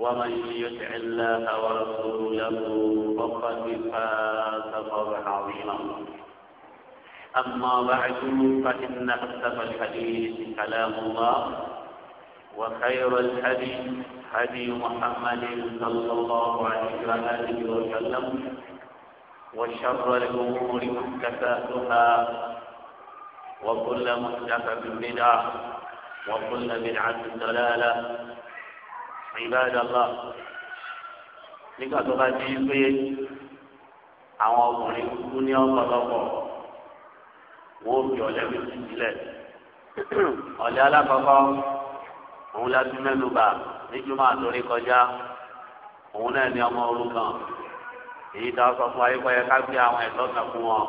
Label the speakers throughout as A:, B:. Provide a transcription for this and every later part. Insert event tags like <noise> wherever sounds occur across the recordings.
A: ومن يطع الله ورسوله فقد فاز فوزا عظيما اما بعد فان اصدق الحديث كلام الله وخير الحديث هدي محمد صلى الله عليه واله وسلم وشر الامور محدثاتها وكل محدثه بدعه وكل بدعه ضلاله Ibadallah nígbà tó bá di pé àwọn ọkùnrin kú ní ọ̀pọ̀lọpọ̀ wọ́n fi ọ̀lẹ́ méjì sílẹ̀ <clears throat> ọ̀lẹ́ alákọ̀ọ́kọ́ òun la tún mẹ́nu bà níjúmọ́ àtòrí kọjá òun náà ní ọmọ òrukàn èyí tá a sọ fún ayé kọyẹ ká gbé àwọn ẹ̀tọ́ kan fún wọn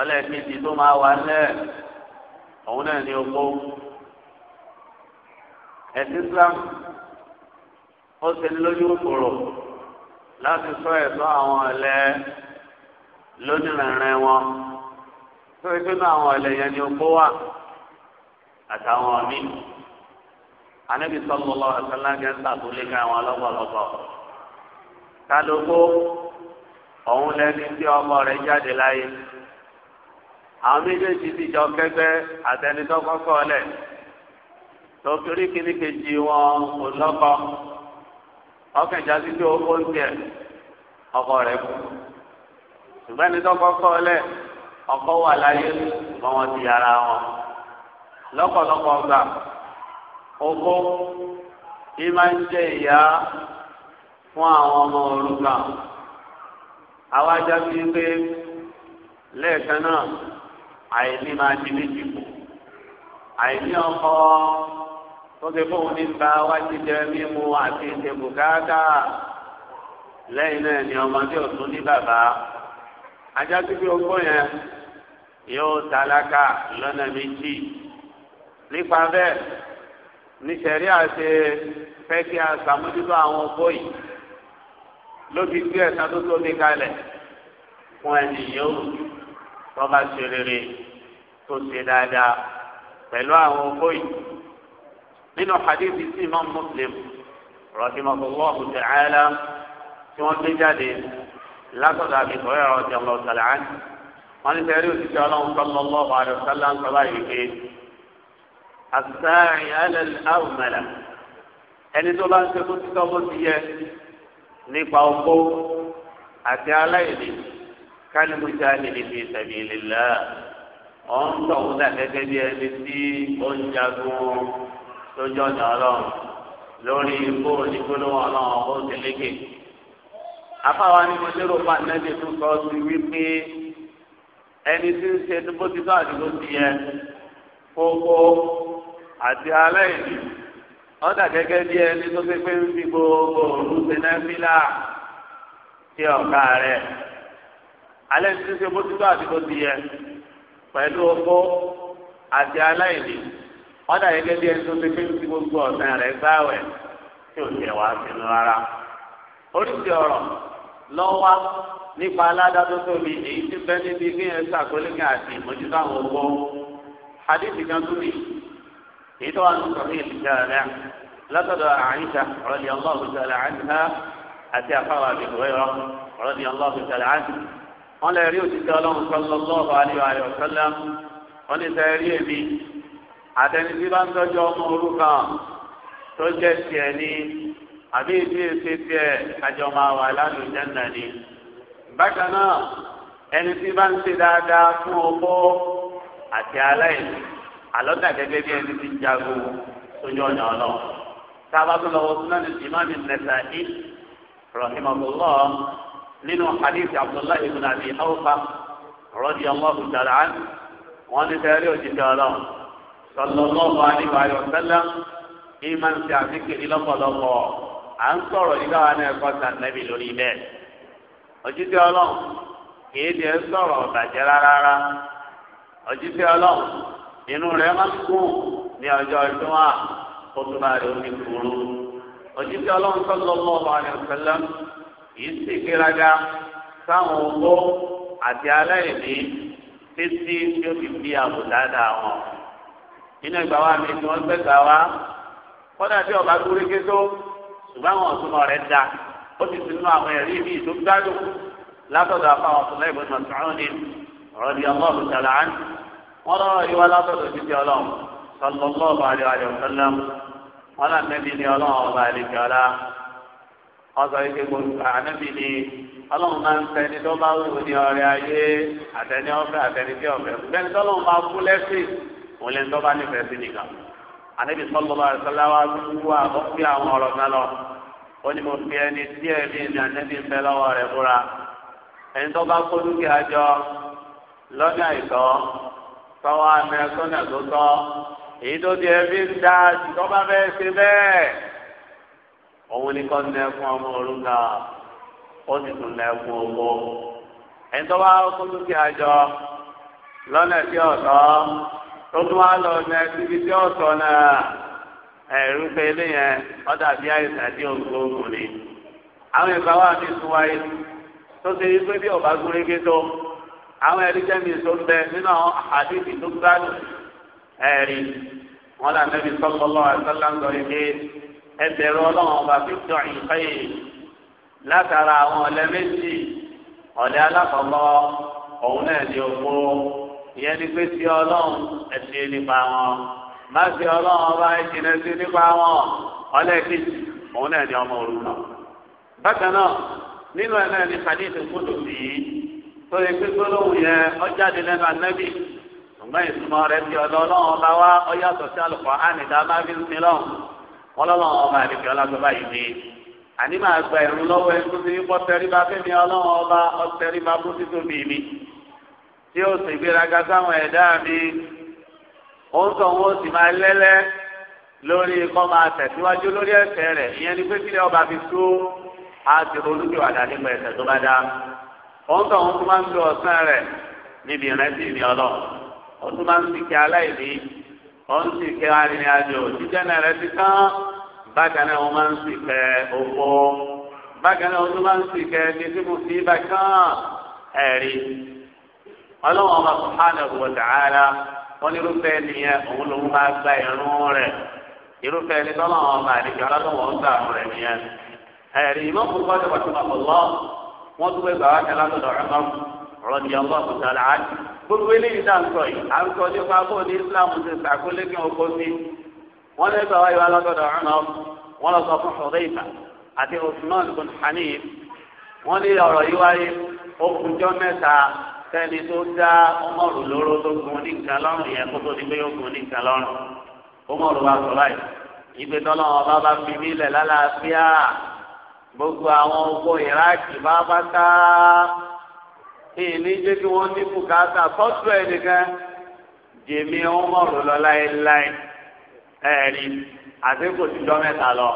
A: ọ̀lẹ́ kejì tó máa wà lẹ̀ òun náà ní opó ẹ̀sìn Islam ó ṣe lójú kòrò láti sọ ẹ̀tọ́ àwọn ọ̀lẹ́ lónìrìnrìn wọn tó ṣe pé àwọn ọ̀lẹ́ yẹn ni opó wà àtàwọn míì anabi sọlọlọ ẹsẹlágẹ ń sàkólé ká àwọn ọlọ́pọ̀lọpọ̀ kálukú òun lẹni tí ọmọ rẹ̀ jáde láyé àwọn méjèèjì ti jọ kẹgbẹ́ àtẹnitọ kọkọ lẹ tó kiri kiri kejì wọn kò lọ́kọ ọkàn ìjásí pé ó ń tiẹ̀ ọkọ rẹ̀ kú ṣùgbọ́n ẹni tó kọ́kọ́ lẹ̀ ọkọ wà láyé mọ́ wọn ti yàrá wọn lọ́pọ̀lọpọ̀ gbà oko yìí máa ń jẹ́ ìyá fún àwọn ọmọ òrukàn àwa jásí pé lẹ́ẹ̀kan náà àìní máa di méjì kù àìní ọkọ tó ti fóun nípa wá jíjẹ mímu àti ìṣe bùkátà lẹ́yìn náà ni ọmọ tí ò tún ní bàbá ajá tí fi ogún yẹn yóò tálákà lọ́nà méjì nípa bẹ́ẹ̀ níṣẹ̀rí àti fẹ́ kí a ṣàmójútó àwọn ogún yìí ló fi gbé ẹ̀sán tó tóbi kalẹ̀ fún ẹni yóò tọ́ba ṣe rere tó ṣe dáadáa pẹ̀lú àwọn ogún yìí nínú hadithi sí imam muslim rahimahullah ta'ala tí wọ́n gbé jáde látọ̀dọ̀ àbíkọ́ ẹ̀rọ jọmọ sàlàn wọn ní sẹ́rí òṣìṣẹ́ ọlọ́run sallallahu alaihi wasallam ń sọ́lá yìí pé àṣàrìn alẹ́ àwùmọ̀lá ẹni tó bá ń ṣe bó ti bó ti yẹ nípa ọkọ àti aláìní kálímùjá nìyí fi sabilillah ọ̀hún tọ̀hún dà gẹ́gẹ́ bí ẹni tí ó ń jagun lójú ọ̀nà ọlọ́run lórí ikú onígbónáwó ọlọ́run ọ̀hún tẹ̀lékè. afáwa ni mo lérò pa nẹ́ẹ̀dì tó sọ ọ́ sí wípé ẹni tí ń ṣe bó ti bá àdúgbò ti yẹ kókó àti aláìní ọ̀dà gẹ́gẹ́ bí ẹni tó ṣe pé ń fi gbogbo òru ṣe náfìlà sí ọ̀gá rẹ̀ alẹ́ ti ṣe bó ti bá àdúgbò ti yẹ pẹ̀lú ọkọ àti aláìní. ọ̀dà gẹ́gẹ́ bí ẹni tó ti fún ti gbogbo ọ̀sán rẹ̀ gbáwẹ̀ tí ò tiẹ̀ wá sínú rárá. oríṣi ọ̀rọ̀ nípa èyí ti bẹ́ níbi bí ẹ àti àwọn kan tún èyí tó wà ní sọ̀rọ̀ yìí ti látọ̀dọ̀ àyíṣà ọlọ́ọ̀bù àyíṣà àti ọlọ́ọ̀bù àyíṣà. wọ́n lè rí ọlọ́run sọ́lọ́ọ̀bù alẹ́ àtẹnudí bá ń tọ́jú ọmọ òrukàn tó jẹ́ tiẹ̀ ní àbí ìdí èsì tiẹ̀ kájọ máa wà lálùjẹ́ náà ni. bákan náà ẹni tí bá ń ṣe dáadáa fún ọbọ àti aláìní àlọ́dà gẹ́gẹ́ bí ẹni tí ń jago sójú ọ̀nà ọ̀nà. tá a bá tún lọ́wọ́ sínú ní ìmáàmì Nasa'i rahimahullah nínú hadith abdullahi ibn abi awfa radiyallahu ta'ala anhu wọ́n ní sẹ́rí òjijì ọlọ́run sallallahu alaihi wa sallam ìmọ̀ ń ṣe àfikèrè lọ́pọ̀lọpọ̀ à ń sọ̀rọ̀ nígbà wà ní ẹ̀kọ́ sànẹ́bì lórí bẹ́ẹ̀ òjijì ọlọ́run kìí di ẹ sọ̀rọ̀ ọ̀bàjẹ́ rárá òjijì ọlọ́run inú rẹ̀ máa ń kú ní ọjọ́ ọdún wa kó tó bá rẹ̀ omi kúrú òjijì ọlọ́run sallallahu alaihi wa kìí sì gbéraga sáwọn owó àti aláìní títí tí ó fi bí àbùdá dà wọn iná ìgbà wa mi ni wọ́n gbẹ́ gbà wá kọ́dà bí ọba tó rékè tó ṣùgbọ́n àwọn ọ̀túnmọ̀ rẹ̀ da ó ti sinú àwọn ẹ̀rí mi tó gbádùn látọ̀dọ̀ àfàwọn ọ̀túnmọ̀ ìbọn mọ̀tàrún ni ọ̀rọ̀ ni ọlọ́run tàlà án wọ́n lọ́rọ̀ yìí wá látọ̀dọ̀ títí ọlọ́run ọlọ́run máa ń tẹni tó bá wù ní ọrẹ ayé àtẹni ọ̀fẹ́ àtẹni tí ọ̀fẹ́ bẹ́ẹ̀ ni tọ́lọ́run máa kú lẹ́sìn òun lè ń tọ́ bá nífẹ̀ẹ́ sí nìkan ànábì sọlọ́lá àṣàláwá gbogbo àwọn fi àwọn ọ̀rọ̀ kan lọ ó ní mo fi ẹni díẹ̀ bí mi ànábì ń bẹ lọ́wọ́ rẹ̀ fúra ẹni tó bá kó dúkìá jọ lọ́nà ìtọ́ tọ́wọ́ amẹ sọ́nà tó tọ́ èyí tó di ẹbí ń da tó bá fẹ́ ṣe bẹ́ẹ̀ òun ni kọ́ ní ẹkún ọmọ òrùka ó sì tún lẹ fún owó ẹni tó bá kó dúkìá jọ lọ́nà tí ọ̀tọ́. tó tún wá lọ ní ẹbí tí ó sọ náà ẹ̀rú pé eléyẹn ọ̀dà bí àìsàn tí ó ń ni. àwọn ìgbà wà ní tó ṣe yí pé bí ọ̀bá gúnrégé tó àwọn ẹ̀rí jẹ́mi tó ń bẹ nínú àdìsí tó gbádùn ẹ̀rí wọn là sọ́kọ́lọ́ ìyẹn ni pé sí ọlọ́run ẹ̀sìn nípa wọn má sí ọlọ́run ọba ẹ̀sìn ẹ̀sìn nípa wọn ọlẹ́kìtì òun náà ni ọmọ òru náà. bákan náà nínú ẹ̀ náà ni hadith kúndù sí i tó yẹ pé gbólóhùn yẹn ọjáde lẹ́nu anábì ṣùgbọ́n ìtumọ̀ rẹ̀ ti ọlọ́run ọba wa ó sí àlùkò ánìdá má fi ń sin lọ́hùn ọba àdìgbẹ́ ọlágbọ́bá yìí ni àní máa gba ìrún lọ́wọ́ ẹni tó ti ń bọ́ tẹríba fẹ́mi ọlọ́run ọba ọtẹríba fún títún bíi mi tí ó sì gbéraga sáwọn ẹ̀dá mi ó ń sọ wọn ó sì máa lẹ́lẹ́ lórí kọ́ máa tẹ̀síwájú lórí ẹ̀ṣẹ̀ rẹ̀ ìyẹn ni pé kílẹ̀ ọba fi tó a ti ronúkìwàdà nípa ẹ̀ṣẹ̀ tó bá dá ó ń sọ wọn tó máa ń lo ọ̀sán rẹ̀ níbi ìrántí mi ọlọ́ ó tún máa ń sì kí aláìní ó ń sì kí arìnrìnàjò jíjẹ́ náà rẹ̀ ti tán bákan náà wọ́n máa ń sì kẹ́ owó bákan náà wọ́n tún máa ń sì kẹ́ ẹni ọlọ́wọ́n ọba subhanahu wa ta'ala wọ́n ní irúfẹ́ nìyẹn òun lòun gba ìrún irúfẹ́ ní ọba àdìgbà ọlọ́wọ́n ń dààmú nìyẹn. ẹ̀rí wọn kó sí wọn lè wọn lọ sọ fún àti sẹ́ni tó dá ọmọrù lóró tó gun ní nǹkan lọ́rùn yẹn kó tó ní pé yóò gun ní nǹkan lọ́rùn ọmọrù wa sọ báyìí ìgbé tọ́lọ́ ọba bá fi nílẹ̀ lálàáfíà gbogbo àwọn owó ìráàkì bá bá ká ìní jẹ́ kí wọ́n ní bùkátà tọ́jú ẹ̀ nìkan jèmi ọmọrù lọ láéláé ẹ̀rí àti kò sí jọ mẹ́ta lọ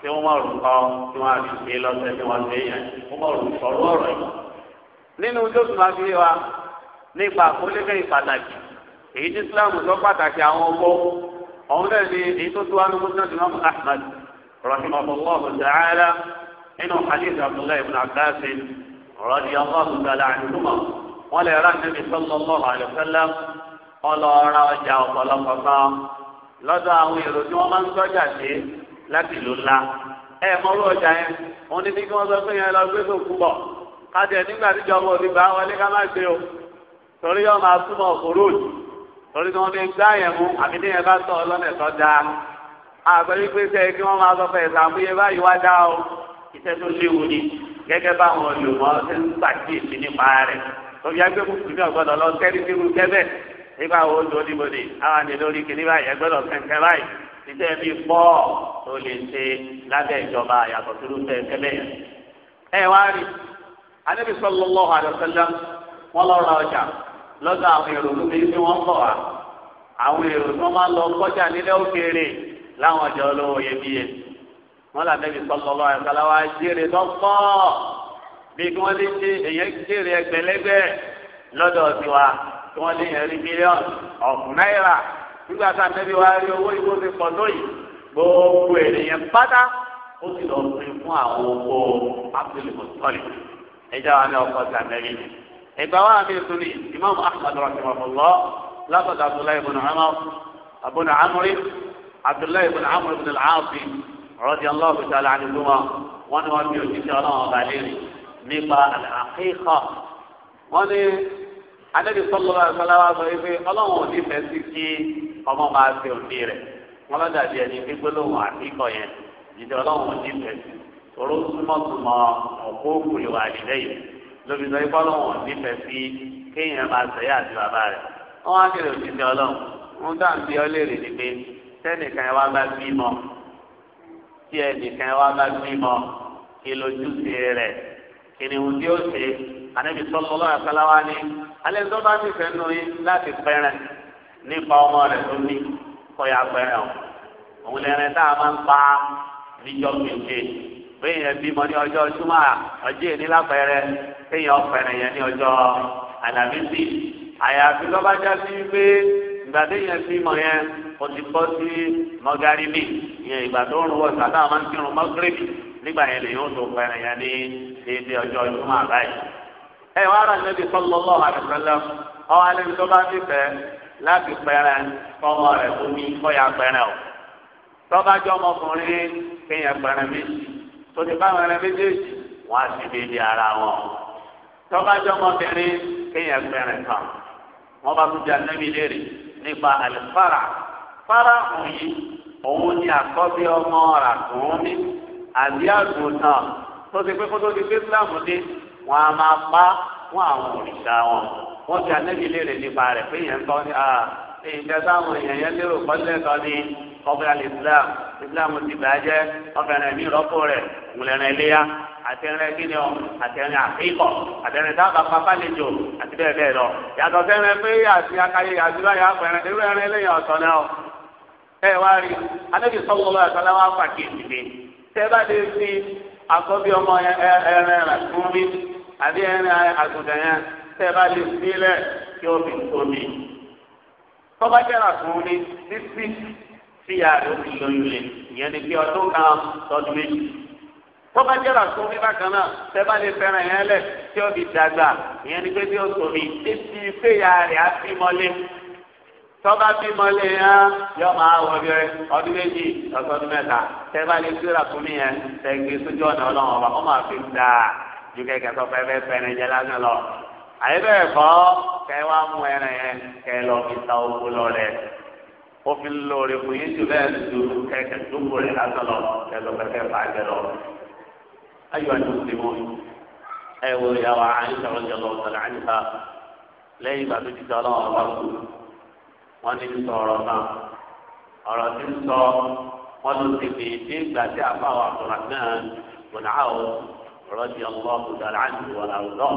A: tí wọ́n kọ́ tí wọ́n á fi ṣe lọ́sẹ̀ tí wọ́n ṣe yẹn wọ́n sọ̀rọ̀ ọ̀rọ̀ nínú tó tún máa fi wa nípa àkólébẹ̀ ìpàtàkì èyí tí islamu tó pàtàkì àwọn ọgbọ́ ọ̀hún náà ni èyí tó tó wá ní muslim imam ahmad rahimahullah ta'ala nínú hadith abdullahi ibn abbas radiyallahu ta'ala anhuma wọn lè ra nabi sallallahu alayhi wa sallam wọn ọjà ọ̀pọ̀lọpọ̀ kan lọ́dọ̀ àwọn èrò tí wọ́n máa ń sọ́jà sí láti ìlú ńlá ẹ̀ mọ́rú ọjà yẹn wọn ní bí wọ́n sọ pé yẹn lọ gbé kájẹ nígbà tí ìjọba òní bá wọlé ká má gbé o torí yóò máa túmọ̀ kúròjì torí tí wọ́n fi gbá yẹn mú àbí tí yẹn bá tọ̀ ọlọ́nà ẹ̀tọ́ dáa àgbẹ̀rí pé sẹ́yìn kí wọ́n máa sọ fẹ́ ìsàmúyẹ báyìí wá dá o iṣẹ́ tó léwu ni gẹ́gẹ́ báwọn olùmọ̀ ṣe ń gbàkíyèsí nípa rẹ̀ lórí agbẹ́ mùsùlùmí ọ̀gbọ́dọ̀ lọ kẹ́rí sí irú kẹ́bẹ̀ nígbà wo ló ní bòde àwọn àni lórí kìnní báyìí ẹgbẹ́dọ̀ kẹ̀kẹ́ báyìí iṣẹ́ anabi sallallahu alayhi wa sallam wọn lọ ra ọjà lọ́dọ̀ àwọn èrò lómi tí wọn bọ wá àwọn èrò tí wọn máa lọ kọjá nílẹ̀ òkèèrè láwọn ọjà olówó iyebíye wọn là anabi sallallahu alayhi wa sallam wa jèrè dọpọ bí wọn lè ṣe èyàn jèrè ẹgbẹ̀lẹ́gbẹ̀ lọ́dọ̀ tiwa tí wọn lè yẹn rí mílíọ̀nù ọ̀fun náírà nígbà tá anabi wa rí owó ìwé ti pọ̀ lóyìí gbogbo ènìyàn pátá ó sì lọ sí fún àwọn owó abdul muttalib ẹjọ́ wa ní ọkọ̀ sàmẹ́rì ni. ìgbà wa mi tún ní imam ahmed rahimahullah lábàdà abdullahi ibn amr abun amri abdullahi ibn amr ibn al-aasi radiyallahu ta'ala anhuma wọn ni wọn bí òjijì ọlọ́run ọba léèrè nípa àkíkọ wọn ni anabi sọlọlá ìfọláwà sọ wípé ọlọ́run ò ní fẹ́ sí kí ọmọ máa ṣe òní rẹ̀ wọn lọ́dà bí ẹni gbígbólóhùn àkíkọ yẹn jíjẹ ọlọ́run ò ní fẹ́ sí tọrọ súnmọ́súnmọ́ ọ̀pọ̀ òkùnrin wà nílẹ̀yìn lóbi sọ ipá lọ́wọ́ nífẹ̀ẹ́ sí kéèyàn máa sẹ́yà àti bàbá rẹ̀ wọ́n á kéde òṣìṣẹ́ ọlọ́run wọ́n dá ń bí ọ ni pé tẹ́nìkan wá bá bímọ tí ẹnìkan wá bá bímọ kí lójúṣe rẹ̀ kí ni ohun tí ó ṣe ànábì sọ́lọ́lọ́ àtàláwá ni alẹ́ tó bá nífẹ̀ẹ́ nù yín láti pẹ́rẹ́ nípa ọmọ rẹ̀ tó ní kọ́ya pẹ́rẹ́ o òun lẹ́rìn tá a máa ń pa níjọ́ kéde péyàn bímọ ní ọjọ́ júmọ́ ọjọ́ èní lápẹẹrẹ péyàn ọ̀pẹ̀rẹ̀ yẹn ní ọjọ́ àlàmísì àyàfi tó bá já sí pé ìgbà téèyàn bímọ yẹn kò ti bọ́ sí mọ́gàríbì ìyẹn ìgbà tó ń wọ sàdá máa ń kírun mọ́gàríbì nígbà yẹn lè yóò tó pẹ̀rẹ̀ yẹn ní ilé ọjọ́ júmọ́ àbáyé. ẹ wá rà níbi sallallahu alaihi wasallam ọ alẹ́ tó bá nífẹ̀ẹ́ láti pẹ̀rẹ̀ fọwọ́ rẹ̀ omi kọ́ya pẹ̀rẹ̀ o tọ́bajọ́ ọmọkùnrin kéèyàn pẹ̀rẹ̀ méjì tó ti bá wọn méjèèjì wọn á sì déédéé ara wọn tọ́ba jọmọbìnrin kéèyàn gbẹrẹ kan wọn bá tún jẹ anábì léèrè nípa àlùfáàrà fáàrà òyì òun ni àkọ́bí ọmọ rà tún ní àbí àgùntàn tó ti pé kó tó ti pé sílámù dé wọn a máa pa fún àwọn òrìṣà wọn wọn ti anábì léèrè nípa rẹ̀ pé yẹn ń kọ́ ní ìjẹ táwọn èèyàn yẹn lérò pọ́ńtẹ́tọ́ ní ọ̀gbìn alẹ́ islam islam ti bàjẹ́ ọ̀gbìn ẹ̀mí rọ́pò rẹ̀ ńlẹrìn ẹlẹyà àtẹrìn kíni ọ àtẹrìn àfíkọ àtẹrìn dábàá pápá lẹjọ àti bẹ́ẹ̀ bẹ́ẹ̀ lọ yàtọ̀ sẹrin pé àti akáyé àdúrà yà pẹrẹ irú ẹrin ẹlẹyà ọ̀tọ̀ náà ẹ wá rí anábì sọgbọn lọ ẹsọ láwọn apàkì ìdílé tẹ bá lè fi àkọ́bí ọmọ ẹrin ẹkún mi àbí ẹrin àgùntàn yẹn tẹ bá lè fi lẹ kí ó fi tó mi tọ́ba jẹ́ra fún mi títí tí a rẹ̀ ó tọ́ba jẹ́ra sún mi bákan náà tẹ́bá lè fẹ́ràn yẹn lẹ̀ tí ó fi dàgbà ìyẹn ni pé tí ó sòmí títí ìfẹ́yà rẹ̀ á fi mọ́lé tọ́ba fi mọ́lé yẹn yọ máa wọ bí ọdún méjì ọ̀sọ́dún mẹ́ta tẹ́bá lè jẹ́ra sún mi yẹn tẹ́gbé sójú ọ̀nà ọlọ́run ọba ọmọ àfi ń da ju kẹ̀kẹ́ tó fẹ́ fẹ́ fẹ́ràn jẹ́ lásán lọ. àyè bẹ́ẹ̀ kọ́ kẹ́ wá mú ẹran yẹn kẹ́ lọ fi ta owó lọ rẹ̀ òfin lóore kò yé jù bẹ́ẹ̀ ju kẹ̀kẹ́ tó kò lásán lọ kẹ́ lọ fẹ́ fẹ́ fà á jẹ lọ ayọ̀ àti mùsùlùmí ẹ wo ìyàwó àyíṣà ọjọ́ lọ sọ̀rọ̀ àyíṣà lẹ́yìn ìgbà tó ti sọ ọlọ́wọ́ bá kú wọ́n ní sọ ọ̀rọ̀ náà ọ̀rọ̀ tí ń sọ wọ́n ló ti fi dé ìgbà tí àbáwọ̀ àtọ̀rà náà bùnà áwọ̀ ọ̀rọ̀ ti ọlọ́ bùdàlà àti wọn àwùjọ.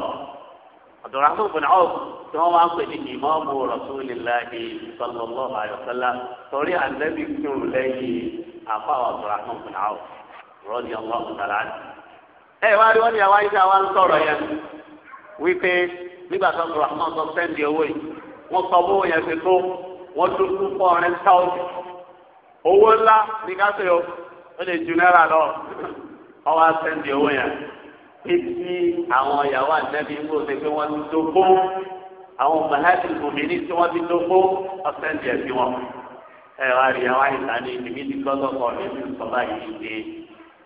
A: àtọ̀rà náà bùnà áwọ̀ tí wọ́n máa ń pè ní ìmọ̀ọ́mù rọ̀túnlélàhì sọlọ́lọ́ àyọ̀sọ́lá torí àǹdẹ́bí kírun lẹ́yìn àbáwọ̀ àtọ̀rà náà bùnà áwọ̀ ọ̀rọ̀ ti ọlọ́ bùdàlà àti ẹ wá rí wọn ní àwọn àyíká wa ń sọ̀rọ̀ yẹn wípé nígbà tó ń sọ̀rọ̀ àwọn ọ̀sán sẹ́ndì owó yìí wọ́n sọ owó yẹn ti tó wọ́n tún kú fún ọ̀rẹ́ táwọ̀sì owó ńlá ní káṣí o ó lè ju náírà lọ ọwọ́ sẹ́ndì owó yẹn pé tí àwọn ìyàwó àdẹ́bí ń gbòòsè pé wọ́n ti dógó àwọn mọ̀lẹ́bí gòmìnì tí wọ́n ti dógó ọ̀sẹ́ndì ẹ̀ sí wọn ẹ wá rí àwọn àyíká ní ìdíbí ti gbọ́dọ̀ kọ́ ọ̀rẹ́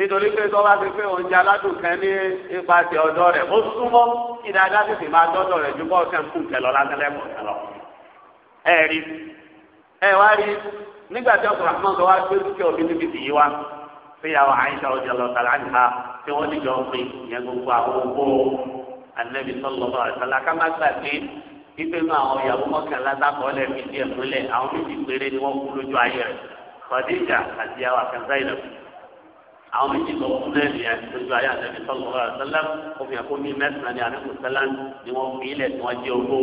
A: nítorí pé tó bá ti pé oúnjẹ aládùn kan ní ipa ti ọ̀dọ̀ rẹ̀ ó súnmọ́ ìdájá sì ti máa dọ́dọ̀ rẹ̀ ju bọ́ọ̀sẹ̀ ń kùn tẹ̀lọ́ lásẹ̀lẹ̀ mọ̀ọ́sẹ̀ lọ. ẹ rí ẹ wá rí nígbà tí ọkùnrin àmọ́ tó wá gbé dúkìá omi níbi tì yí wá fíyàwó àyíṣà ọjà lọ tàlà nípa tí wọ́n níjọ pin ìyẹn gbogbo àwọn owó ànẹ́bí sọ́lọ́ àtàlà ká gbà pé pípé nù àwọn ìyàwó mọ́kànlá sákọ̀ọ́lẹ̀ fi díẹ̀ múlẹ̀ àwọn méjì péré ni wọ́n kú lójú ayé rẹ̀ Khadija àti àwọn àkànṣá ìlẹ̀kùn àwọn méjì lọ fún náà ní àtijọ́ ayé àtẹ̀bí sọ́lọ́ ọ̀rọ̀ sẹ́lẹ̀m òfin ẹ̀kọ́ mi mẹ́sàn-án ní àdínkù sẹ́lẹ̀m ni wọ́n fi ilẹ̀ tí wọ́n jẹ́ owó.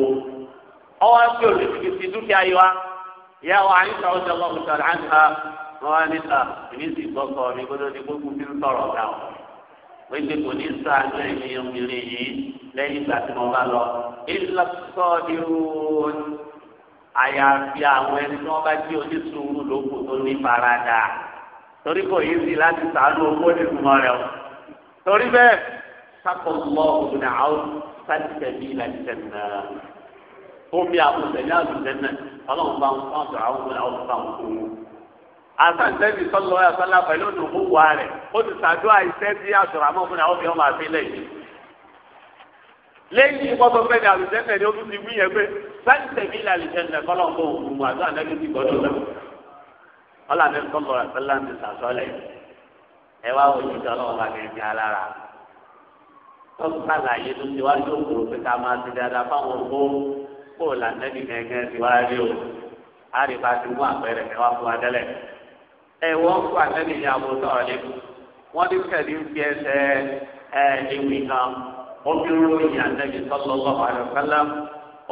A: ọwọ́ ń pè sí dúkìá yìí wá ìyá wa àyíṣà ọjọ́ ọlọ́run sọ̀rọ̀ àǹkà wọn wá níta èmi sì gbọ́ sọ mi gbọ́dọ̀ ní gbogbo fi ń sọ̀rọ̀ ọ̀gá o. wọ́n ti kò ní sáájú ẹ̀yìn obìnrin yìí lẹ́yìn ìgbà tí torí kò yí sí láti sàánú owó ní ìgbìmọ̀ rẹ̀ o torí bẹ́ẹ̀ sákò mọ́ òun náà ó sáti tẹ̀lé ìlànà ìtẹ̀nà omi àkùnfẹ̀lẹ́ àlùjẹ́nà ọlọ́run bá ń fọ́n sọ àwọn ọmọ náà ó fà wọ́n fún un. àtàntẹ́bí sọ́lọ́ ẹ̀ sọ́lá pẹ̀lú òdòkú wa rẹ̀ ó ti sàdúrà iṣẹ́ tí àṣọ̀rọ̀ àmọ́ fún ni àlùjẹ́nà ọlá mi kọ́ lọ́ra pẹ́lá mi sàsọ́lẹ̀ ẹ wá wò yìí tọ́lọ́ ọba kẹ̀kẹ́ alára tọ́kù kàlàyé tó ti wá lóògùn pé ká máa ti dáadáa fáwọn owó kó o là nẹ́bí kẹ̀kẹ́ ti wá rí o á rí bá ti mú àpẹẹrẹ ẹ wá fún wa tẹ́lẹ̀ ẹ wọ́n fún àtẹ́lẹ̀ ní abo sọ̀rọ̀ ni wọ́n ti kẹ̀lé ń fi ẹsẹ̀ ẹ ewì kan ó ròyìn àtẹ́bí sallallahu alaihi wasallam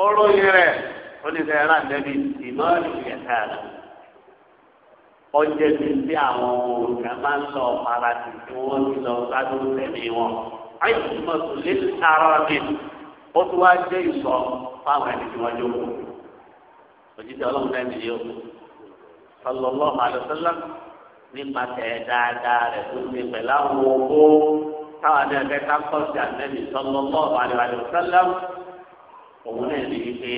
A: ó ròyìn rẹ̀ ó ní fẹ́ẹ́ rà nẹ́bí ìmọ̀ ìyẹ̀ká rẹ̀ kọjá sí sí àwọn òǹkà máa ń lọ para sí tí wọ́n ti lọ gbádùn tẹ̀lé wọn. ayé ìtumọ̀ tó lé sáárọ̀ mi ó tún wá jẹ́ ìsọ fáwọn ẹni tí wọ́n jókòó. òjijì ọlọ́run náà nìyí o sọlọ́lọ́ àlùsọ́lá nípasẹ̀ dáadáa rẹ̀ tó ti pẹ̀lú àwọn owó táwọn ẹni ẹgbẹ́ ká kọ́ sí àtẹ́bí sọlọ́lọ́ àlùsọ́lá òun náà nìyí pé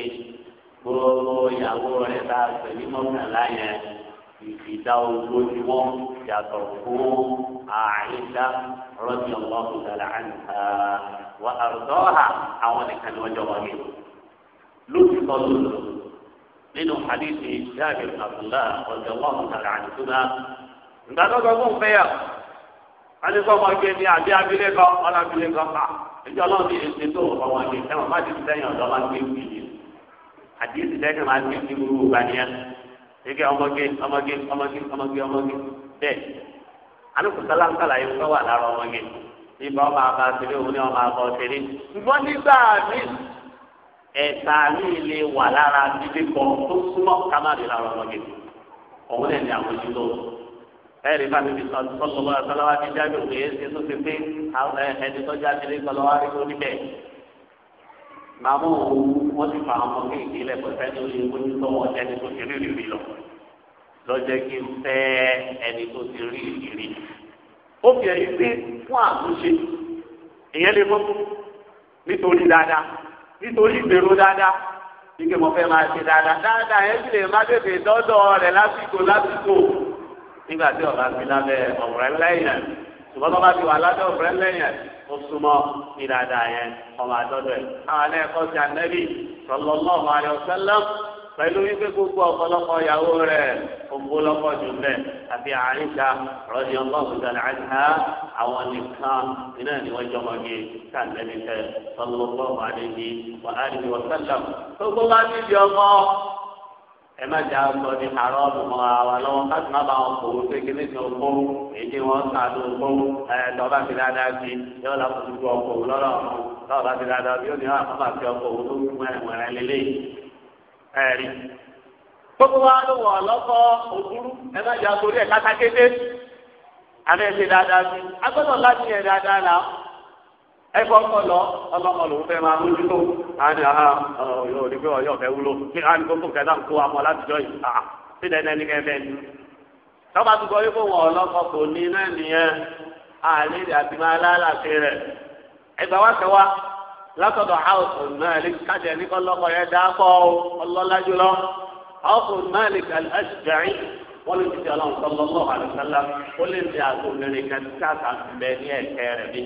A: gbogbo ìyàwó rẹ̀ tá a mọ́kànlá yẹn ìdá owó tí wọ́n yàtọ̀ fún àìsá rọ́bì ọlọ́run dàlà àìsá wà àrùtọ́hà àwọn nìkan ni wọ́n jọ wọlé lóṣù kan lóṣù nínú hadithi jáde abdullah ọjọ́ ọlọ́run dàlà àìsá nga lọ́dọ̀ fún fẹ́yà wọ́n kọ́ ọmọ gbé ní àbí abilé kan ọ̀là abilé kan pa ìjọ ọlọ́run ní èsì tó ọmọ gbé ẹ̀wọ̀n má ti sẹ́yìn ọ̀dọ́ máa gbé gbé wíìlì ike ọmọge ọmọge ọmọge ọmọge ọmọge bẹ́ẹ̀ alùpùpùsálà ń kàlàyé fún wà lára ọmọge nígbà ọmọ àbá tẹlẹ òun ni ọmọ àbá tẹlẹ ṣùgbọ́n nígbà mí ẹ̀ta mi lè wà lára bíbí kan tó súnmọ́ kámárì lára ọmọge òun lẹ́ni àmójútó ẹ̀rí bá mi sọ̀tọ̀ sọ̀lọ́wọ́ ti jáde òun èyí ṣe tó ti pé ẹni tó jáde lé sọ̀lọ́wọ́ rí lórí bẹ́ẹ̀ màmú òun wọ́n ti fa àwọn ọmọ kéèké lẹ́kọ̀ọ́ sẹ́ni ó lè mójú tọ́wọ́ ẹni tó ti rí ìrírí lọ lọ́jọ́ kí n fẹ́ ẹni tó ti rí ìrírí. ó fi ẹ̀yìn pé fún àtúnṣe ìyẹn lè mọ́tò nítorí dáadáa nítorí ìgbèrò dáadáa nígbè mo fẹ́ máa ṣe dáadáa dáadáa yẹn sì lè má tètè dọ́dọ̀ rẹ̀ lásìkò lásìkò nígbà tí ọ̀gá fi lábẹ́ ọ̀rẹ́ lẹ́yìn ṣùgbọ́n tó bá ti wà lábẹ́ òfurẹ́ lẹ́yìn ó súnmọ́ ní dáadáa yẹn ọmọ àdọ́dọ̀ ẹ̀. àwọn alẹ́ ẹ̀kọ́ ti ànẹ́bì sallallahu alaihi wasallam pẹ̀lú wípé gbogbo ọ̀pọ̀lọpọ̀ ìyàwó rẹ̀ ògbólọ́pọ̀ jù mẹ́ àti àyíṣà radiyallahu ta'ala anha àwọn nìkan iná ni wọ́n jọmọ gé káńtẹ́nìtẹ́ sallallahu alaihi ẹ má jà sọ ní àárọ̀ ọ̀dùnmọ́ àwa lọ́wọ́ káàtì má bàa wọn kò ó pé kíní tó kó èyí wọn sàdó kó ẹ tọ́ba ti dáadáa sí yọ si làkùn ju ọkọ̀ òun lọ́rọ̀ tọ́ba ti dáadáa bí ó ní wọn fi ọkọ̀ tó lélẹ̀ gbogbo wa ló wọ̀ lọ́kọ́ òkúrú ẹ má jà ẹ̀ ẹ kọ́kọ́ lọ ọlọ́mọ fẹ́ máa mójú àhà òdìgbò ọ̀yọ́ fẹ́ wúlò kí kókó kẹta ń kó yìí sí ní kẹfẹ́ ni. tọ́ba tó ọlọ́kọ kò ní náà nìyẹn àti máa lálàsí rẹ̀ ẹgbẹ́ wa látọ̀dọ̀ kájẹ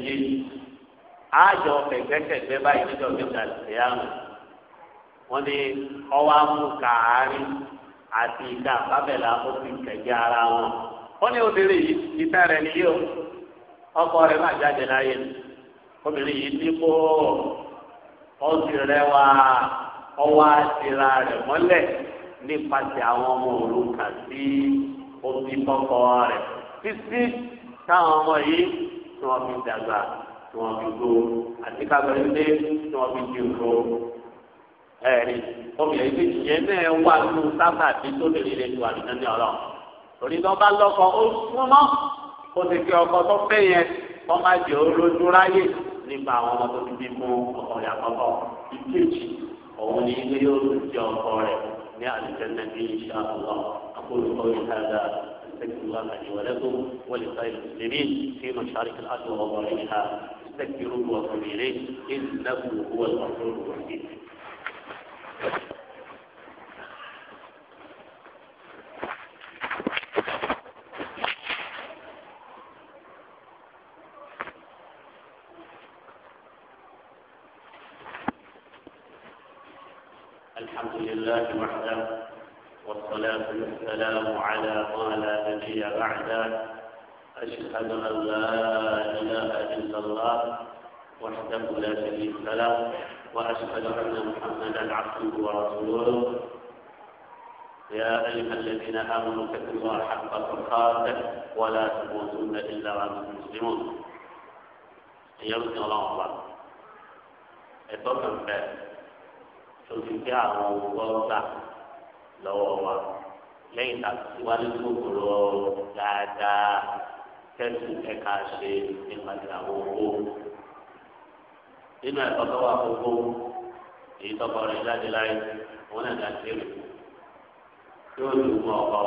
A: ní àjọ kẹgbẹkẹgbẹ báyìí níjọ gbẹgbẹ ìyáàmù wọn ni ọwọ́ amú kàárín àti ìka àbábẹlà òfin kẹgbẹ ara wọn wọn ni obìnrin yìí ìta rẹ nìyí o ọkọ rẹ má jáde láyé obìnrin yìí ní kó ọsì rẹ wá ọwọ́ àtìrà rẹ mọ́lẹ̀ nípasẹ̀ àwọn ọmọ òrùka sí omi kọkọ rẹ títí táwọn ọmọ yìí tí wọn fi tí wọ́n fi gbó àti kábọ̀ ilé tí wọ́n fi ju gbó. ẹ̀rí ọmọ yẹn ti yẹn náà wà nínú sábà bí tó lè rí lẹ́nu àdúgbò ní ọ̀rọ̀ torí tó bá lọ́kọ̀ ó súnmọ́ kó ti fi ọkọ̀ tó fẹ́ yẹn kó má jẹ́ olójú ráyè nípa àwọn ọmọ tó ti bí fún ọkùnrin àkọ́kọ́ ìkejì òun ni ilé yóò jẹ ọkọ rẹ̀ ní àlùjẹ́nà bí iṣẹ́ àbúrò àkólùkọ́ ìtajà استغفر الله لي ولكم ولسائر المسلمين في مشارق الارض ومغاربها استكبروه وضميره اليه انه هو الغفور الرحيم الحمد لله وحده والصلاة والسلام على ما لا نبي بعده أشهد أن لا إله إلا الله وحده لا شريك له وأشهد أن محمدا عبده ورسوله يا أيها الذين آمنوا اتقوا الله حق تقاته ولا تموتن إلا وأنتم مسلمون يرضي الله أكبر أتوقع بك شو في لو لين تقوى لكم لو دادا kẹ́sì ẹ̀ka ṣe nípa ìyàwó owó. nínú ẹ̀kọ́ tó wà gbogbo èyí tọkọ rẹ̀ jáde láyé òun náà dàtí rè yóò lù mọ́ ọ̀kọ́.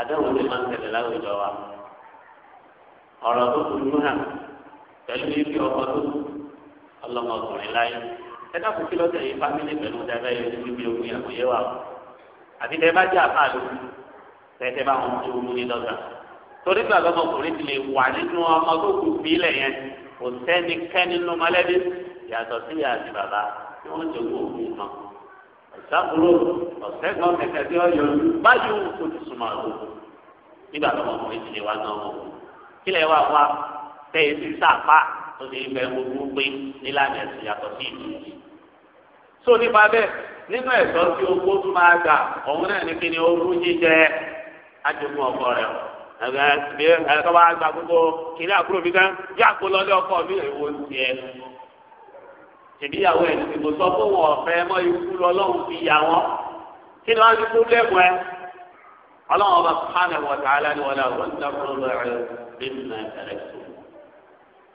A: àdéhùn ní máa ń tẹ̀lé láwùjọ wa. ọ̀rọ̀ tó kù ní hàn pẹ̀lú ibi ọkọ tó ọlọ́mọkùnrin láyé. ẹ dákun kí lọ́sẹ̀ yìí fámìlì pẹ̀lú dáadáa yẹn ní bíbí ogun yàgò yẹ wà. àbí tẹ bá jẹ́ àbá lóko tẹ bá wọn tó wúni lọ́sàn torí gbà lọ́mọkùnrin ti lè wà nínú ọmọ tó kù bílẹ̀ yẹn kò sẹ́nikẹ́ni nínú mọ́lẹ́bí yàtọ̀ sí àti bàbá tí wọ́n jẹ́ kó òkú kan ìsàkúrò ọ̀sẹ̀ kan kẹ̀kẹ́ tí ó yọrù báyìí ó kò ti súnmọ́ àgbo nígbà lọ́mọkùnrin ti lè wá gan ọmọ kílẹ̀ wà wá tẹ̀yẹ sí sàpá tó ti bẹ̀ gbogbo pé nílànà ẹ̀sìn yàtọ̀ sí ìlú yìí. só nípa bẹ́ẹ̀ nínú ẹ̀tọ́ tí owó tún máa gbà òun náà ní kí ni ó rú jíjẹ ajogún ọkọ rẹ̀ ọ̀ ẹgbẹ ẹgbẹ wa gba gbogbo kiri àkúrò mi kan bí àpò lọlé ọkọ mi èwo ń tiẹ tèmi ìyàwó ẹ ti mo sọ fún wọn ọfẹ mọ ikú lọ́lọ́run fi yà wọn kí ni wọn ti kú lẹkọọ ẹ Ọlọ́run ọba sùpánẹ wọta aláni wọlé àwọn ìjà kúrò lọrẹ nínú ẹsẹ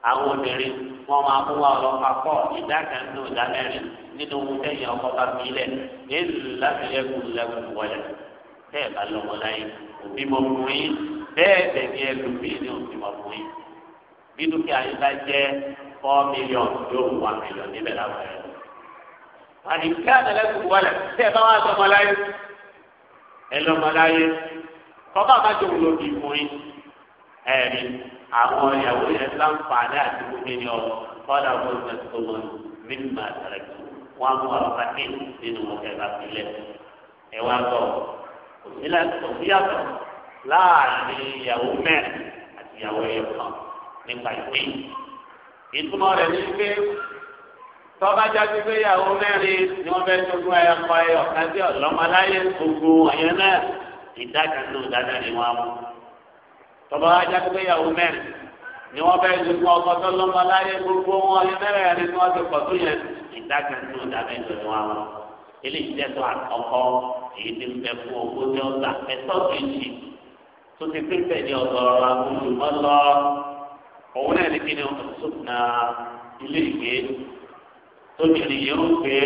A: àwọn obìnrin wọn máa mú wa ọlọ́pàá pọ ìdá kan nínú ìdá mẹ́rin nínú ohun ọkọ bá fi lẹ ní ìlú láti yẹ lẹkùn wọlé tẹ bẹ́ẹ̀ bẹ̀ ni ẹlòmíì ní òsì wà fún yín bí dúkìá yín bá jẹ́ fọ́ mílíọ̀nù yóò wà mílíọ̀nù níbẹ̀ láwọn ẹ̀rọ. àdìgbà àtàlẹ́kùn wọlé tẹ́ ẹ bá wà sọmọláyé ẹ lọmọláyé kọ́kọ́ bá jòwó lóbi fún yín ẹ̀rí àwọn ìyàwó yẹn láǹfààní àti gómìnà ọ̀rọ̀ kọ́dà fún ìgbàsọ̀mọ̀ mínímà àtàlẹ́kùn wọn mú ọ̀rọ̀ pàtẹ́ nínú ọ̀kẹ́ bá fi lẹ̀ ẹ gbọ́ òsì láàrin ìyàwó mẹ́rin àti ìyàwó ẹ̀yọ kan nípa ìpín. ìtumọ̀ rẹ̀ ní pé tọ́ba jáde pé ìyàwó mẹ́rin ni wọ́n fẹ́ jogún ẹ̀yọ kan ẹ̀yọ kan sí ọ̀lọ́mọláyé gbogbo ẹ̀yẹ náà ìdá kan ní ìdáná ni wọ́n á mú. tọ́ba jáde pé ìyàwó mẹ́rin ni wọ́n fẹ́ jogún ọkọ tó lọ́mọláyé gbogbo wọn ẹ̀yẹ mẹ́rin ni wọ́n ti pọ̀ tó yẹn tó ti pé bẹ́ẹ̀ ni ọ̀gọ̀rọ̀ àwọn olùmọ́lọ́ òun náà ní kí ni ọ̀sùnà ilé ìgbé tóbìnrin yóò gbé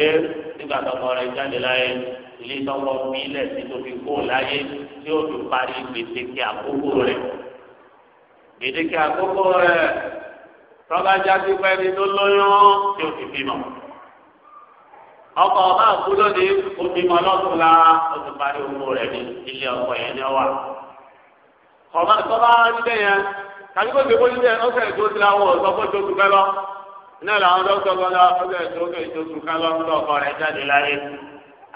A: nígbà tọkọ rẹ̀ jáde láyé ilé tọkọ bí ilẹ̀ tí tó fi kó láyé tí ó fi parí gbèdéke àkókò rẹ̀ gbèdéke àkókò rẹ̀ tọ́ba jáde pẹ́ẹ́ni tó lóyún tí ó fi bímọ ọkọ ọba àkúlóde ó bímọ lọ́kùnrin la ó ti parí owó rẹ̀ ní ilé ọkọ yẹn ní ọwà ọba tọba nílẹ̀ yẹn tàbí kó gbé bóyá ọ̀sẹ̀ tó ti la wọ ọsọ fún ìtòsù fẹ lọ iná làwọn dókítà gbọ́dọ̀ ọ̀sẹ̀ tó ti ìtòsù fẹ lọ ńlọ ọkọ rẹ jáde láyé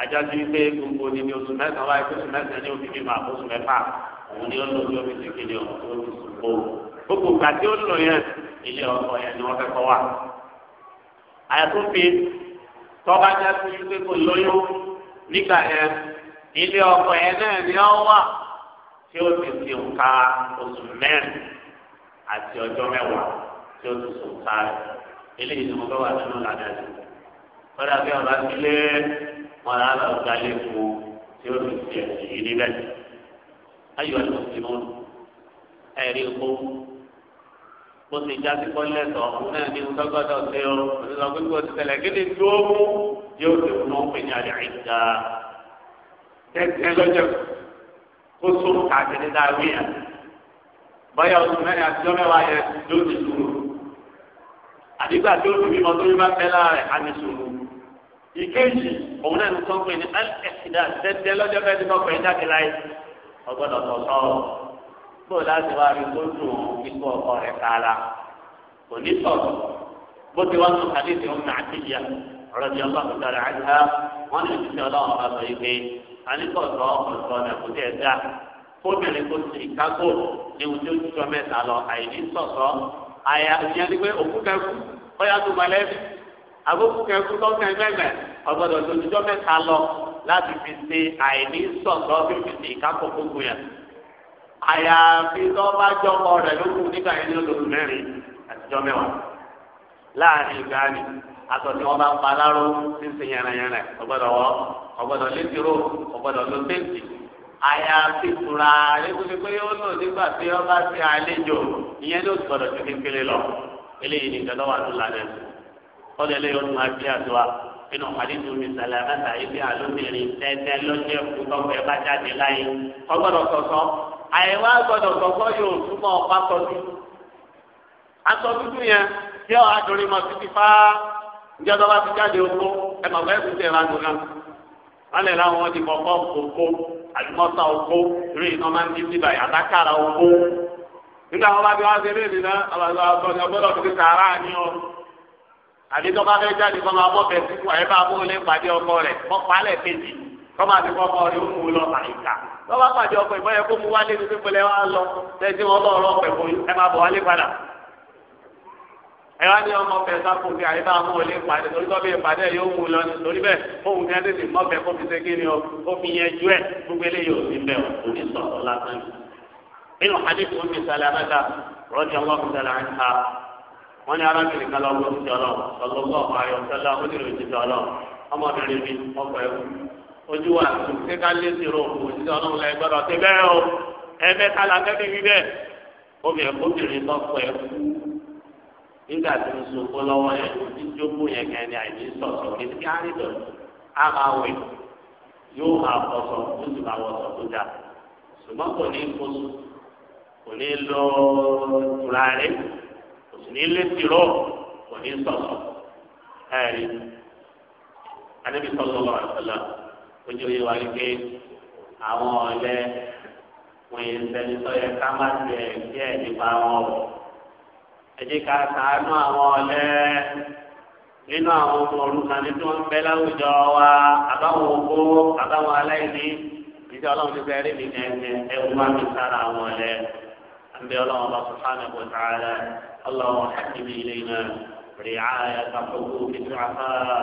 A: ajásí pé gbogbo ni ní oṣù mẹ́sàn wáyé oṣù mẹ́sàn ní òfin mímọ àkóṣù mẹ́fà òun ni ó lò ní omi tìkì ní ọkọ oṣù kó gbogbo ìgbà tí ó lò yẹn ilé ọkọ yẹn ni wọn fẹ́ kọ wa. àyàtúnfi tọ́ba jásí pé kò lóyún nígbà yẹn ilé ọkọ yẹn náà ni ọ wà tí ó ti ti nǹka oṣù mẹ́rin àti ọjọ́ mẹ́wàá tí ó ti sùn ká rẹ̀ eléyìí ni mo fẹ́ wà nínú ìlànà rẹ̀ kọ́dà bí ọba sílé wọn á lọ gba lẹ́kọ̀ọ́ tí ó ti ti ẹ̀sìn yìí níbẹ̀ ayọ̀ ẹ̀sìn ti mú ẹ̀rí kó bó ti já sí kọ́lẹ̀ tọ̀ ọ̀hún náà ní sọ́gọ́dọ̀ ṣe o òṣìṣẹ́ gbogbo ṣẹlẹ̀ gidi tó mú yóò ti mú pé ní àlẹ́ àìsà kóso káàkiri náà wí yẹn bọ́yá oṣù mẹ́rin àti ọjọ́ mẹ́wàá yẹn ló ti sùúrù àdìgbà tó ti bímọ tó bá fẹ́ láàrẹ̀ á ní sùúrù ìkejì òun náà ní sọ́kùn ní ẹ̀sìdá tẹ́tẹ́ lọ́jọ́ bẹ́ẹ̀ tí wọ́n fẹ́ jáde láyé ọgbọ́dọ̀ tọ̀ sọ́ọ̀ bóò láti wá rí tó dùn kíkó ọkọ rẹ̀ kára kò ní sọ̀rọ̀ bó ti wọ́n tún kàdé ìdí ọmọ àtijọ́ ọ̀rọ̀ di ọlọ́run tọrọ àjá wọ́n ní ìdíje ọlọ́run bá sọ yìí pé àníkọ̀tọ̀ ọ̀tọ̀ ọ̀nà kò tẹ̀ dá kóbìnrin kò sì kákó ewu tó ti sọ mẹ́ta lọ àìní sọ̀tọ̀ àyà ìyẹn ni pé òkú kẹkù bóyá tó malẹ́bí àgókù kẹkù tó kẹgbẹ́gbẹ́ ọ̀gbọ́dọ̀ tó ti sọ mẹ́ta lọ láti fi ṣe àìní sọ̀tọ̀ fífi sì kákó gbogbo yẹn àyàfi tó bá jọmọ rẹ̀ lókun nígbà yẹn ní olóṣù àtijọ́ mẹ́wàá láàrin ìgbà aṣọ tí wọ́n bá ń pa láró ti ń ṣe yànnàyànnà ọgbọ́dọ̀ wọ́ ọgbọ́dọ̀ létíró ọgbọ́dọ̀ ló tẹ́ǹtì àyà fìtura lẹ́kùnrin pé ó lò nígbà tí wọ́n bá ṣe àlejò ìyẹn ló gbọ́dọ̀ tó kékeré lọ eléyìí nìkan lọ́wọ́ àdúrà rẹ̀ ọdẹ lẹ́yìn ọdún máa fi àdúrà inú àdínkù mi sàlẹ̀ mẹ́ta yìí bí àlóbìnrin tẹ́tẹ́ lọ́jọ́ ẹ̀kú tọ́kọ̀ ẹ̀ bá jáde láyé ọgbọ́dọ̀ sọ̀sọ́ àyẹ̀wò àgbọ̀dọ̀ sọ̀sọ́ yóò túmọ̀ ọ̀pá sọ́dún asọ́ dúdú yẹn yóò adùnrin mọ̀ títí fáá ìjọ tó bá ti jáde oko ẹ mọ̀ bẹ́ẹ̀ kú sí ẹ̀rọ àdúrà wọ́n lè láwọn wọn ti kọ̀kọ́ oko àdúmọ́sá oko eré iná máa ń dín síbà àtàkàrà oko nígbà wọn bá bí wọn ṣe léèdè náà àwọn àgbọ̀dọ̀ gbọ́dọ̀ fi sàárà ni ọ àbí tó bá fẹ́ jáde kọ́ máa bọ́ bẹ́ẹ̀ sí fún ẹ bá bó lé pàdé ọkọ rẹ̀ kọ́ palẹ̀ kejì kọ́ máa fi kọ́kọ́ rẹ̀ ó mú lọ àyíká lọ́wọ́ pàdé ọkọ ìbọn yẹn kó mu wálé ní wa lọ tẹ́tí wọn lọ́ọ́ rọ́ọ̀pẹ̀ fún ẹ̀wá ní ọmọ ọbẹ̀ sáfù kí àyíká mú olè pàdé torí tọ́bí ìpàdé yóò mú lọ ní torí bẹ́ẹ̀ fóun ní ẹni tí mọ́bẹ̀ kó fi ṣe kí ni o kó fi yẹn ju ẹ̀ gbogbo eléyìí ò sí bẹ̀ ọ̀ kò ní sọ̀rọ̀ lásán yìí. nínú hadith omi sàlẹ̀ abẹ́ta rọ́jì ọlọ́ọ̀kú sàlẹ̀ àyíká wọ́n ní arábìnrin kan lọ́wọ́ ti ọlọ́ ọlọ́ọ̀kú ayọ̀sẹ́lá ọmọbìnrin mi ọkọ̀ ẹ̀kú nígbà tí mo so kó lọ́wọ́ yẹn mo ti jókòó yẹn kẹ́ ni àìní sọ̀tọ̀ kí ní kárí dọ̀ á máa wẹ̀ yóò máa kọ̀sọ̀ ó sì máa wọ̀sọ̀ tó dà ṣùgbọ́n kò ní kóso kò ní lọ turare kò sì ní lé tirọ̀ kò ní sọ̀tọ̀ ẹ̀rí anábì sọ̀tọ̀ lọ́wọ́ àtàlà ojú yìí wáyé pé àwọn ọ̀lẹ́ wọ̀nyí sẹ́ni sọ́yẹ ká má tiẹ̀ díẹ̀ nípa wọn ọ̀rọ̀ ẹ̀jẹ̀ ká sàánú àwọn ọ̀lẹ́ nínú àwọn ọmọ òrukàn ní tí wọ́n ń bẹ láwùjọ wa àbáwọn ògbó àbáwọn aláìní ìdí ọlọ́run ti fẹ́ẹ́ rí mi ẹ̀ẹ́dẹ̀ ẹ̀wù wá mi sára àwọn ọ̀lẹ́ àbí ọlọ́run ọba subhanahu wa ta'ala ọlọ́run hakimi ilayna رعاية حقوق الضعفاء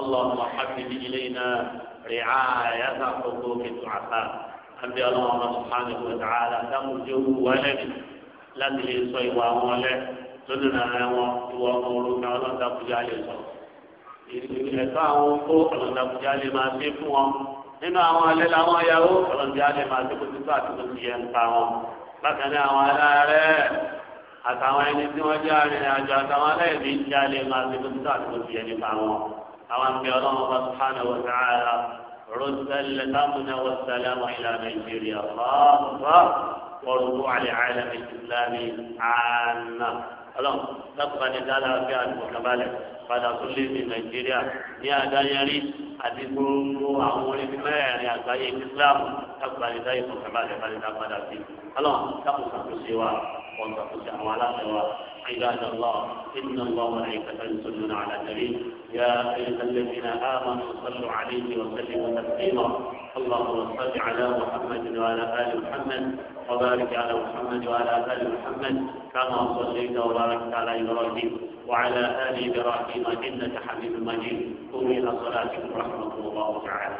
A: اللهم حبب إلينا رعاية حقوق الضعفاء أنبي الله سبحانه وتعالى ترجو ولدي láti lè sọ ìwà wọn lẹ lónìí lára wọn ìwà ọmọ orúkọ ọlọ́dàkùjá lè sọ ẹ̀tọ́ àwọn kó ọlọ́dàkùjá lè máa ṣe fún wọn nínú àwọn alẹ́ làwọn ayáwó ọlọ́dàkùjá lè máa ṣe kó títí àti kó ti yẹ nípa wọn bákan náà àwọn aláàárẹ̀ àtàwọn ẹni tí wọ́n jẹ́ arìnrìn àjò àtàwọn aláìní já lè máa ṣe kó àti kó ti yẹ wọn àwọn ń ọlọ́run bá subhanahu wa ta'ala wọ́n sálẹ̀ àwọn ìlànà ìjẹ́rìí ورجوع لعالم الإسلام عامة ọlọ́run dákùnrin ní dáadáa fi àdìmọ̀kànbalẹ̀ padà tó lé ní nàìjíríà ní àdáyẹrí àti gbogbo àwọn orílẹ̀ mẹ́rẹ̀ẹ̀rin àgbáyé islam dákùnrin ní dáadáa ìmọ̀kànbalẹ̀ padà sí ọlọ́run dákùnrin ṣàkóso wa. وانفقوا أموالات عباد الله إن الله وملائكته يصلون على النبي يا أيها الذين آمنوا صلوا عليه وسلموا تسليما اللهم صل على محمد وعلى آل محمد وبارك على محمد وعلى آل محمد كما صليت وباركت على إبراهيم وعلى آل إبراهيم إنك حميد مجيد قم إلى صلاتكم رحمة الله تعالى